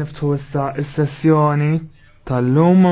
Niftu issa is-sessjoni tal-lum.